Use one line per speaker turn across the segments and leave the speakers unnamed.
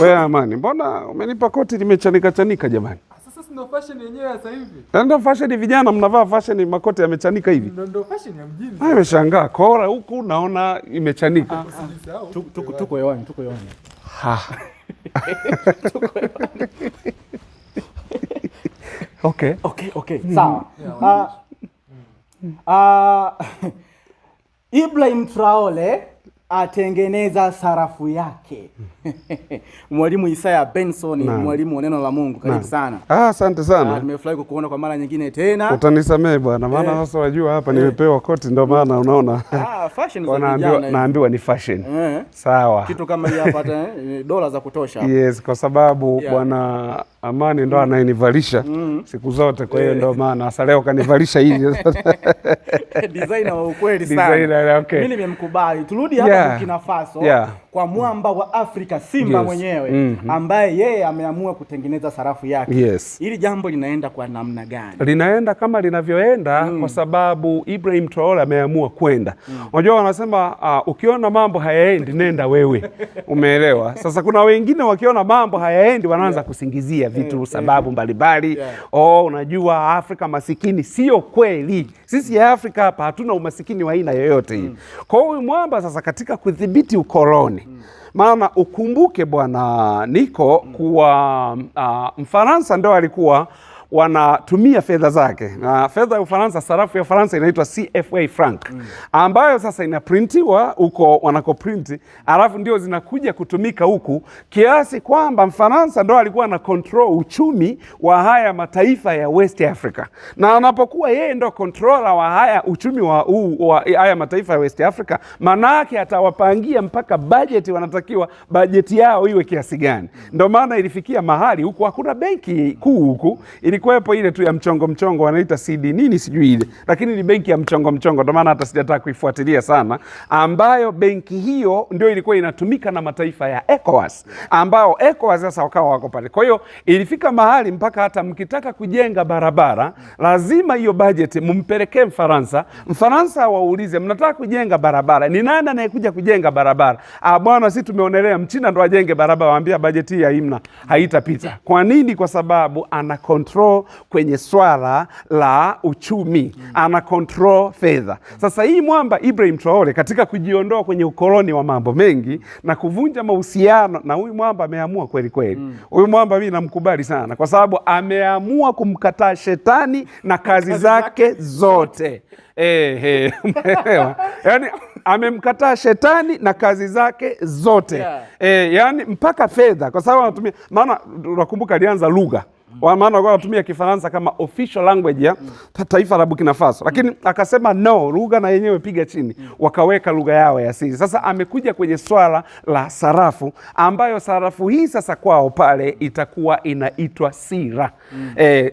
Wewe Amani, mbona umenipa koti limechanika chanika jamani?
Ah, sasa ndio fashion yenyewe sasa hivi.
Na ndio fashion vijana mnavaa fashion makoti yamechanika hivi.
Ndio ndo fashion ya mjini.
Ah, nimeshangaa. Kora huku naona imechanika.
Ah, ah. Tuko tuko hewani, tuko hewani.
Ha. Tuko hewani. Okay.
Okay, okay. Hmm. Sawa. Ah, Ibrahim Traore atengeneza sarafu yake. Hmm. Mwalimu Isaya Benson, mwalimu wa neno la Mungu, karibu sana.
Ah, asante sana. Ah,
nimefurahi kukuona kwa mara nyingine tena.
Utanisamee bwana, maana eh. sasa wajua hapa eh. nimepewa koti ndio maana unaona.
Ah, fashion za
naambiwa ni fashion. Eh. Sawa.
Kitu kama hii hapa hata eh, dola za kutosha.
Yes, kwa sababu yeah, bwana Amani ndo mm, anayenivalisha mm. siku zote, kwa hiyo eh. ndo maana sasa leo kanivalisha hivi.
Designer wa ukweli sana.
Designer, okay.
Mimi nimemkubali. Turudi hapa yeah, Burkina Faso kwa mwamba wa Afrika ya Simba yes. mwenyewe mm -hmm. ambaye yeye ameamua kutengeneza sarafu yake yes. Hili jambo linaenda kwa namna gani?
Linaenda kama linavyoenda mm. kwa sababu Ibrahim Traore ameamua kwenda. Mm. Unajua mm. wanasema uh, ukiona mambo hayaendi nenda wewe, umeelewa? Sasa kuna wengine wakiona mambo hayaendi wanaanza yeah. kusingizia vitu yeah. Mm. sababu mm. mbalimbali yeah. oh, unajua Afrika masikini. Sio kweli, sisi ya Afrika hapa hatuna umasikini wa aina yoyote hii mm. kwa hiyo mwamba sasa katika kudhibiti ukoloni mm. Maana ukumbuke bwana Niko kuwa uh, Mfaransa ndo alikuwa wanatumia fedha zake, na fedha ya Ufaransa, sarafu ya Ufaransa inaitwa CFA franc mm. ambayo sasa inaprintiwa huko wanakoprinti, alafu ndio zinakuja kutumika huku, kiasi kwamba Mfaransa ndo alikuwa na control uchumi wa haya mataifa ya West Africa, na anapokuwa yeye ndo controller wa haya uchumi wa, u, wa haya mataifa ya West Africa, manake atawapangia mpaka bajeti, wanatakiwa bajeti yao iwe kiasi gani. Ndio maana ilifikia mahali huku hakuna benki kuu huku ili ilikuwepo ile tu ya mchongo mchongo, wanaita CD nini sijui ile, lakini ni benki ya mchongo mchongo, ndio maana hata sijataka kuifuatilia sana, ambayo benki hiyo ndio ilikuwa inatumika na mataifa ya ECOWAS, ambao ECOWAS sasa wakawa wako pale. Kwa hiyo ilifika mahali mpaka hata mkitaka kujenga barabara lazima hiyo bajeti mumpelekee Mfaransa, Mfaransa waulize mnataka kujenga barabara, ni nani anayekuja kujenga barabara? Ah, bwana, sisi tumeonelea Mchina ndo ajenge barabara. Waambia bajeti hii haimna, haitapita. Kwa nini? Kwa sababu ana control control kwenye swala la uchumi mm. ana control fedha mm. Sasa hii mwamba Ibrahim Traore katika kujiondoa kwenye ukoloni wa mambo mengi na kuvunja mahusiano na huyu mwamba ameamua kweli kweli mm. huyu mm. mwamba mimi namkubali sana kwa sababu ameamua kumkataa shetani na kazi zake zote umeelewa? Yani amemkataa shetani na kazi zake zote yeah. E, eh, yani mpaka fedha kwa sababu anatumia, maana unakumbuka alianza lugha Mm. maana walikuwa wanatumia Kifaransa kama official language ya taifa la Burkina Faso, lakini akasema no, lugha na yenyewe piga chini, mm. wakaweka lugha yao ya asili. Sasa amekuja kwenye swala la sarafu, ambayo sarafu hii sasa kwao pale itakuwa inaitwa sira mm. eh,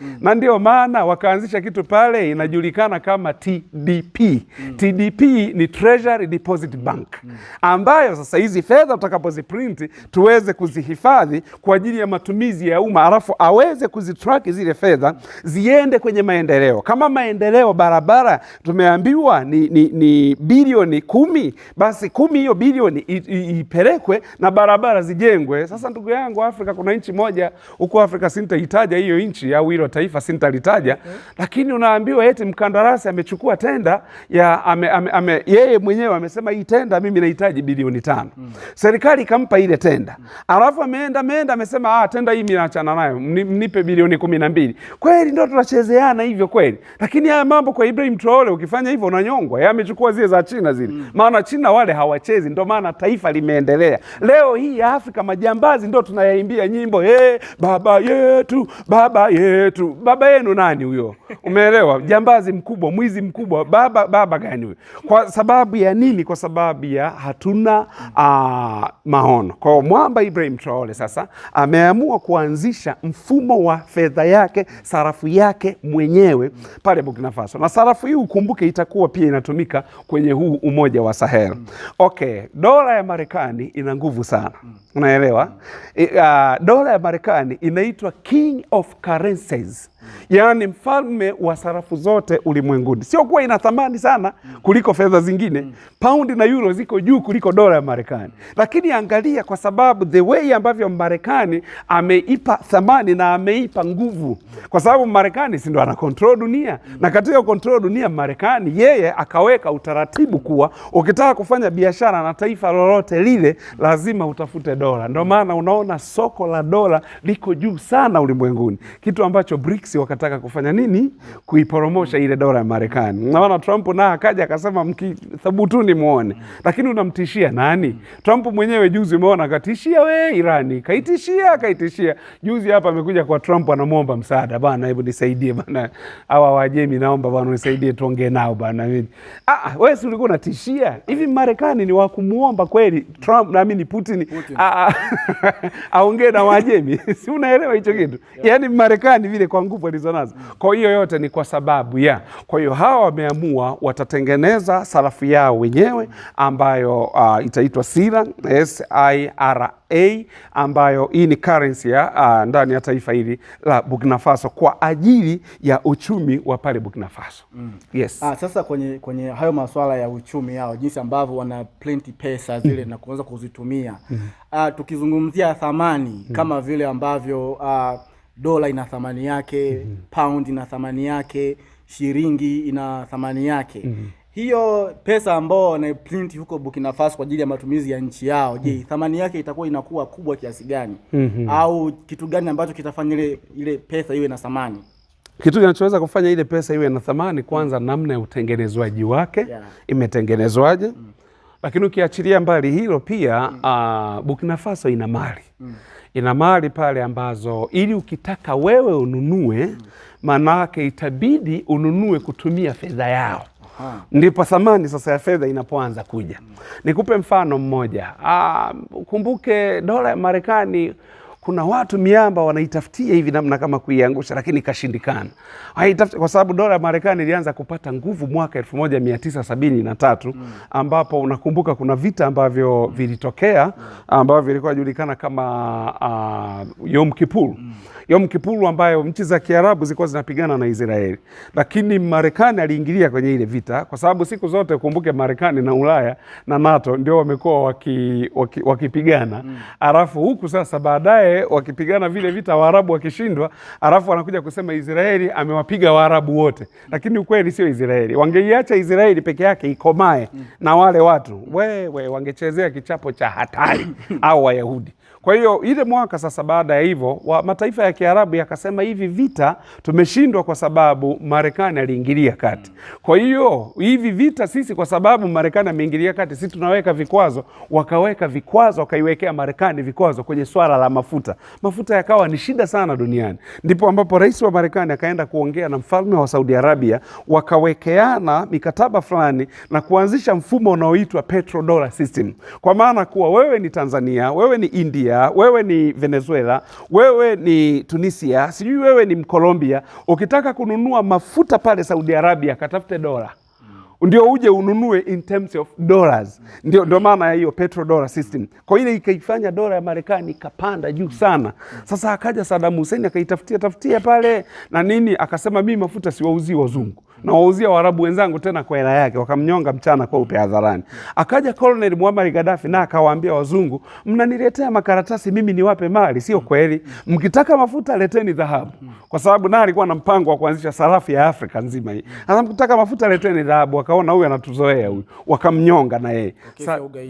mm. na ndio maana wakaanzisha kitu pale inajulikana kama TDP. Mm. TDP ni Treasury Deposit Bank, mm, ambayo sasa hizi fedha tutakapoziprint tuweze kuzihifadhi kwa ajili ya matumizi ya umma, alafu aweze kuzitrack zile fedha ziende kwenye maendeleo. Kama maendeleo barabara tumeambiwa ni, ni, ni bilioni kumi, basi kumi hiyo bilioni ipelekwe na barabara zijengwe. Sasa ndugu yangu, Afrika kuna nchi moja huko Afrika, sintaitaja hiyo nchi au hilo taifa sintalitaja, okay. Lakini unaambiwa eti mkandarasi amechukua tenda ya ame, ame, ame, yeye mwenyewe amesema hii tenda mimi nahitaji bilioni tano. Mm. Serikali ikampa ile tenda, Mm. alafu ameenda ameenda amesema anasema ah, tenda hii mimi naachana nayo, mnipe bilioni kumi na mbili. Kweli ndio tunachezeana hivyo kweli, lakini haya mambo kwa Ibrahim Traore ukifanya hivyo unanyongwa. Yeye amechukua zile za China zile mm. maana China wale hawachezi, ndio maana taifa limeendelea. Leo hii ya Afrika majambazi ndio tunayaimbia nyimbo hey, baba yetu baba yetu. Baba yenu nani huyo? Umeelewa? jambazi mkubwa, mwizi mkubwa, baba baba gani huyo? Kwa sababu ya nini? Kwa sababu ya hatuna aa, ah, maono. Kwa mwamba Ibrahim Traore sasa ameamua kuanzisha mfumo wa fedha yake, sarafu yake mwenyewe pale Burkina Faso, na sarafu hii ukumbuke, itakuwa pia inatumika kwenye huu umoja wa Sahel. Okay, dola ya Marekani ina nguvu sana, unaelewa. Uh, dola ya Marekani inaitwa king of currencies, yaani mfalme wa sarafu zote ulimwenguni. Sio kuwa ina thamani sana kuliko fedha zingine. Paundi na euro ziko juu kuliko dola ya Marekani, lakini angalia, kwa sababu the way ambavyo Marekani Marekani ameipa thamani na ameipa nguvu, kwa sababu Marekani si ndo ana kontrol dunia, na katika kontrol dunia Marekani yeye akaweka utaratibu kuwa ukitaka kufanya biashara na taifa lolote lile lazima utafute dola. Ndio maana unaona soko la dola liko juu sana ulimwenguni, kitu ambacho BRICS wakataka kufanya nini? Kuiporomosha ile dola ya Marekani. Naona Trump na akaja akasema mkithubutuni muone, lakini unamtishia nani? Trump mwenyewe juzi umeona katishia we Irani, kaitishia akaongea akaitishia. Juzi hapa amekuja kwa Trump anamwomba msaada, bana, hebu nisaidie bana, hawa wajemi naomba bana unisaidie tuongee nao bana. Mimi ah, ah, wewe si ulikuwa unatishia hivi? Marekani ni wakumwomba kweli Trump na mimi Putin, Putin. Ah, ah. aongee na wajemi si unaelewa hicho kitu yeah. Yani Marekani vile kwa nguvu alizonazo mm. Kwa hiyo yote ni kwa sababu ya, kwa hiyo hawa wameamua watatengeneza sarafu yao wenyewe mm. ambayo uh, itaitwa sira A A ambayo hii ni currency ya uh, ndani ya taifa hili la Burkina Faso kwa ajili ya uchumi wa pale Burkina Faso. Mm.
Yes. Ah, sasa kwenye, kwenye hayo masuala ya uchumi yao jinsi ambavyo wana plenty pesa zile mm. na kuweza kuzitumia mm. ah, tukizungumzia thamani mm. kama vile ambavyo ah, dola ina thamani yake mm. pound ina thamani yake shilingi ina thamani yake mm hiyo pesa ambao wanaiprint huko Burkina Faso kwa ajili ya matumizi ya nchi yao, je, hmm. thamani yake itakuwa inakuwa kubwa kiasi gani? mm -hmm. au kitu gani ambacho kitafanya ile ile pesa iwe na thamani?
Kitu kinachoweza kufanya ile pesa iwe na thamani kwanza, namna ya utengenezwaji wake, yeah. imetengenezwaje? mm. Lakini ukiachilia mbali hilo pia mm. uh, Burkina Faso ina mali mm. ina mali pale ambazo ili ukitaka wewe ununue, hmm. maana yake itabidi ununue kutumia fedha yao ndipo thamani sasa ya fedha inapoanza kuja. Nikupe mfano mmoja. Aa, ah, kumbuke dola ya Marekani kuna watu miamba wanaitafutia hivi namna kama kuiangusha, lakini ikashindikana. kwa sababu dola ya Marekani ilianza kupata nguvu mwaka 1973 mm. ambapo unakumbuka kuna vita ambavyo mm. vilitokea mm. ambavyo vilikuwa julikana kama uh, Yom Kippur. Yom Kipuru ambayo nchi za Kiarabu zilikuwa zinapigana na Israeli, lakini Marekani aliingilia kwenye ile vita, kwa sababu siku zote ukumbuke Marekani na Ulaya na NATO ndio wamekuwa wakipigana waki, waki mm. Alafu huku sasa baadaye wakipigana vile vita Waarabu wakishindwa, alafu wanakuja kusema Israeli amewapiga Waarabu wote, lakini ukweli sio Israeli. Wangeiacha Israeli peke yake ikomae mm. na wale watu wewe wangechezea kichapo cha hatari au Wayahudi kwa hiyo ile mwaka sasa, baada ya hivyo, wa mataifa ya Kiarabu yakasema hivi vita tumeshindwa kwa sababu Marekani aliingilia kati. Kwa hiyo hivi vita sisi, kwa sababu Marekani ameingilia kati, sisi tunaweka vikwazo. Wakaweka vikwazo, wakaiwekea Marekani vikwazo kwenye swala la mafuta. Mafuta yakawa ni shida sana duniani, ndipo ambapo rais wa Marekani akaenda kuongea na mfalme wa Saudi Arabia, wakawekeana mikataba fulani na kuanzisha mfumo unaoitwa petrodollar system, kwa maana kuwa wewe ni Tanzania, wewe ni India wewe ni Venezuela, wewe ni Tunisia, sijui wewe ni Mkolombia, ukitaka kununua mafuta pale Saudi Arabia katafute dola ndio uje ununue in terms of dollars. Ndio, ndio maana ya hiyo petro dollar system. Kwa ile ikaifanya dola ya Marekani ikapanda juu sana. Sasa akaja Saddam Hussein akaitafutia tafutia pale na nini, akasema mimi mafuta siwauzii wazungu na wauzia Waarabu wenzangu tena kwa hela yake, wakamnyonga mchana kweupe hadharani. Akaja Colonel Muammar Gaddafi na akawaambia wazungu, mnaniletea makaratasi mimi niwape mali, sio kweli. Mkitaka mafuta leteni dhahabu, kwa sababu na alikuwa na mpango wa kuanzisha sarafu ya Afrika nzima hii. Sasa mkitaka mafuta leteni dhahabu, wakaona huyu anatuzoea huyu, wakamnyonga na yeye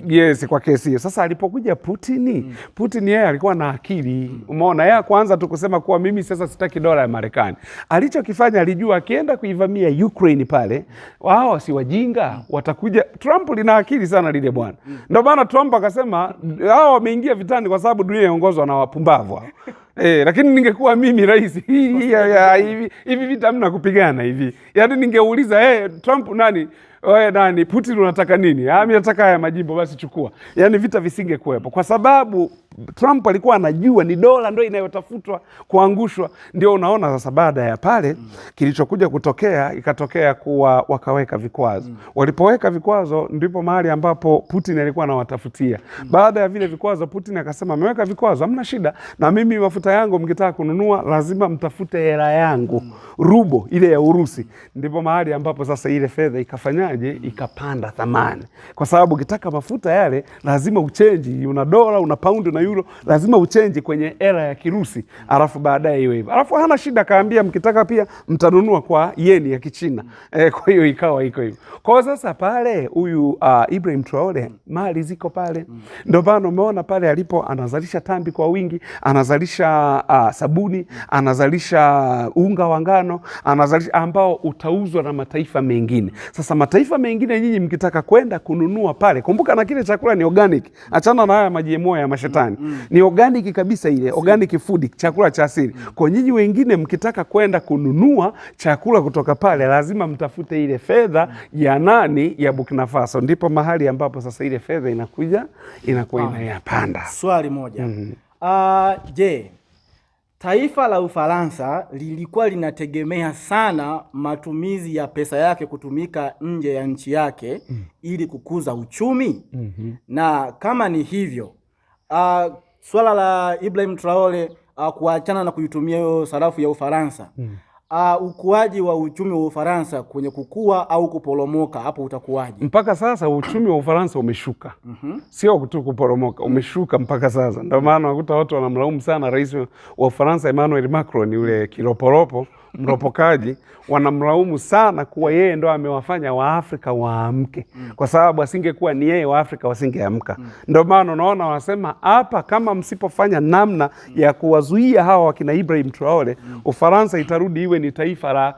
yes, kwa kesi hiyo. Sasa alipokuja Putin, Putin yeye alikuwa na akili Umeona, yeye kwanza tu kusema kuwa mimi sasa sitaki dola ya Marekani. Alichokifanya alijua akienda kuivamia Ukraine pale, wao si wajinga, watakuja. Trump lina akili sana lile bwana, ndio maana Trump akasema hao wameingia vitani kwa sababu dunia inaongozwa na wapumbavu hao. Eh, lakini ningekuwa mimi rais hivi hivi vita mna kupigana hivi, yaani ningeuliza hey, eh, Trump nani Oe, nani Putin unataka nini? Ah, mimi nataka haya majimbo basi chukua. Yaani vita visingekuwepo kwa sababu Trump alikuwa anajua ni dola ndo inayotafutwa kuangushwa. Ndio unaona sasa, baada ya pale mm. kilichokuja kutokea ikatokea kuwa wakaweka vikwazo mm. walipoweka vikwazo ndipo mahali ambapo Putin alikuwa anawatafutia mm. baada ya vile vikwazo, Putin akasema ameweka vikwazo, hamna shida na mimi mafuta yangu mkitaka kununua lazima mtafute hela yangu mm. rubo ile ya Urusi. Mm. Ndipo mahali ambapo sasa ile fedha ikafanyaje, mm. ikapanda thamani, kwa sababu ukitaka mafuta yale lazima uchenji, una dola una paundi na euro, lazima uchenji kwenye era ya Kirusi, alafu baadaye iwe hivyo. Alafu hana shida, akaambia mkitaka pia mtanunua kwa yeni ya Kichina. E, kwa hiyo ikawa iko hivyo. Kwa sasa pale huyu uh, Ibrahim Traore mm. mali ziko pale mm. Ndio maana umeona pale alipo anazalisha tambi kwa wingi, anazalisha uh, sabuni, mm. anazalisha unga wa ngano, anazalisha ambao utauzwa na mataifa mengine. Sasa mataifa mengine nyinyi mkitaka kwenda kununua pale, kumbuka na kile chakula ni organic, achana na haya maji ya mashetani mm, mm Ni organic kabisa ile organic food, chakula cha asili mm Kwa nyinyi wengine mkitaka kwenda kununua chakula kutoka pale, lazima mtafute ile fedha mm ya Kanani ya Burkina Faso, ndipo mahali ambapo sasa ile fedha inakuja inakuwa ah. inayapanda.
Swali moja. mm -hmm. Uh, je, taifa la Ufaransa lilikuwa linategemea sana matumizi ya pesa yake kutumika nje ya nchi yake mm. ili kukuza uchumi mm -hmm. na kama ni hivyo uh, swala la Ibrahim Traore uh, kuachana na kuitumia hiyo sarafu ya Ufaransa mm uh, ukuaji wa uchumi wa Ufaransa kwenye kukua au kuporomoka, hapo utakuwaje?
Mpaka sasa uchumi wa Ufaransa umeshuka mm -hmm. Sio tu kuporomoka, umeshuka mpaka sasa. Ndio maana unakuta watu wanamlaumu sana rais wa Ufaransa Emmanuel Macron, yule kiroporopo mropokaji wanamlaumu sana kuwa yeye ndo amewafanya Waafrika waamke, mm. kwa sababu asingekuwa ni yeye Waafrika wasingeamka. Mm. Ndio maana unaona wanasema hapa, kama msipofanya namna mm. ya kuwazuia hawa wakina Ibrahim Traore, Ufaransa itarudi iwe ni taifa la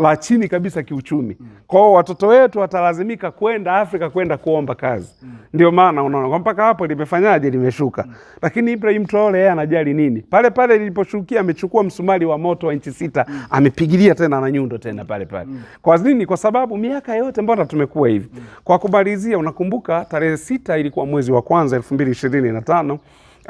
la chini kabisa kiuchumi mm. Kwao watoto wetu watalazimika kwenda Afrika kwenda kuomba kazi mm. Ndio maana unaona kwa mpaka hapo limefanyaje, limeshuka mm. Lakini Ibrahim Traore yeye anajali nini? Pale pale liliposhukia amechukua msumari wa moto wa inchi sita mm. Amepigilia tena na nyundo tena pale pale mm. Kwa nini? Kwa sababu miaka yote mbona tumekuwa hivi mm. Kwa kumalizia, unakumbuka tarehe sita ilikuwa mwezi wa kwanza elfu mbili ishirini na tano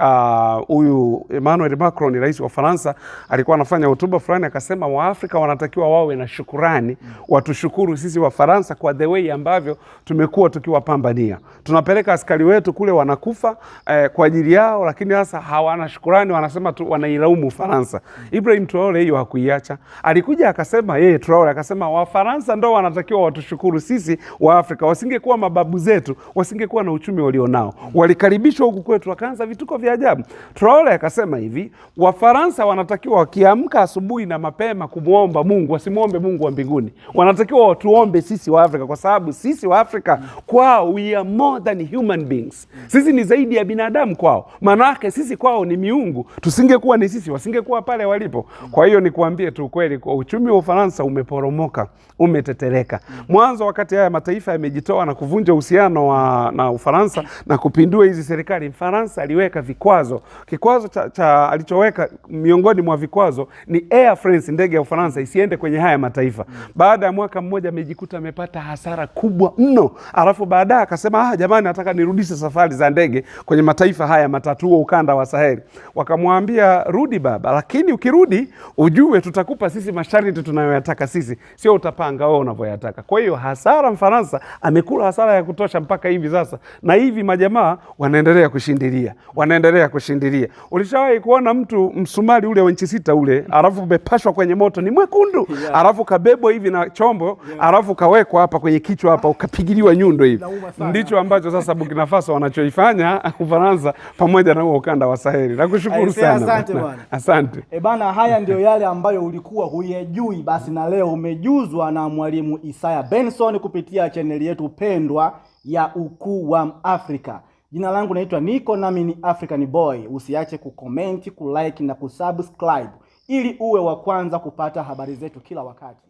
Ah, huyu uh, Emmanuel Macron, rais wa Faransa, alikuwa anafanya hotuba fulani akasema Waafrika wanatakiwa wawe na shukurani mm. Watushukuru sisi wa Faransa kwa the way ambavyo tumekuwa tukiwapambania, tunapeleka askari wetu kule wanakufa eh, kwa ajili yao, lakini sasa hawana shukurani, wanasema tu wanailaumu Faransa. mm. Ibrahim Traore hiyo hakuiacha, alikuja akasema yeye Traore akasema Wafaransa ndo wanatakiwa watushukuru sisi Waafrika, wasingekuwa mababu zetu wasingekuwa na uchumi walionao, walikaribishwa huku kwetu wakaanza vituko vya vya ajabu. Traore akasema hivi, Wafaransa wanatakiwa wakiamka asubuhi na mapema kumwomba Mungu, wasimwombe Mungu wa mbinguni, wanatakiwa watuombe sisi wa Afrika, kwa sababu sisi wa Afrika kwao, we are more than human beings, sisi ni zaidi ya binadamu kwao, maanake sisi kwao ni miungu. Tusingekuwa ni sisi, wasingekuwa pale walipo. Kwa hiyo nikuambie tu ukweli, kwa uchumi wa Ufaransa umeporomoka, umetetereka. Mwanzo wakati haya mataifa yamejitoa na kuvunja uhusiano na Ufaransa na kupindua hizi serikali, Mfaransa aliweka vikwazo. Kikwazo cha, cha alichoweka miongoni mwa vikwazo ni Air France, ndege ya Ufaransa isiende kwenye haya mataifa. mm. Baada ya mwaka mmoja amejikuta amepata hasara kubwa mno, alafu baadaye akasema ah, jamani, nataka nirudishe safari za ndege kwenye mataifa haya matatu, huo ukanda wa Saheli. Wakamwambia rudi baba, lakini ukirudi ujue tutakupa sisi masharti tunayoyataka sisi, sio utapanga wewe unavyoyataka. Kwa hiyo hasara, Mfaransa amekula hasara ya kutosha mpaka hivi sasa, na hivi majamaa wanaendelea kushindilia, wanaendelea tunaendelea kushindilia. Ulishawahi kuona mtu msumari ule wa nchi sita ule, alafu umepashwa kwenye moto ni mwekundu, alafu kabebwa hivi na chombo, alafu kawekwa hapa kwenye kichwa hapa, ukapigiliwa nyundo hivi? Ndicho ambacho sasa Burkina Faso wanachoifanya Ufaransa pamoja na huo ukanda wa Saheli. Nakushukuru eh, sana, asante
e bana. Haya ndio yale ambayo ulikuwa huyajui, basi na leo umejuzwa na mwalimu Isaya Benson kupitia chaneli yetu pendwa ya Ukuu wa Afrika. Jina langu naitwa Niko nami ni African Boy. Usiache kukomenti, kulike na kusubscribe ili uwe wa kwanza kupata habari zetu kila wakati.